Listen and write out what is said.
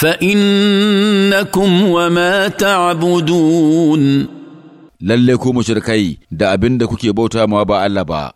فإنكم وما تعبدون للكم شركي دا أبن دا كوكي بوتا ما با الله با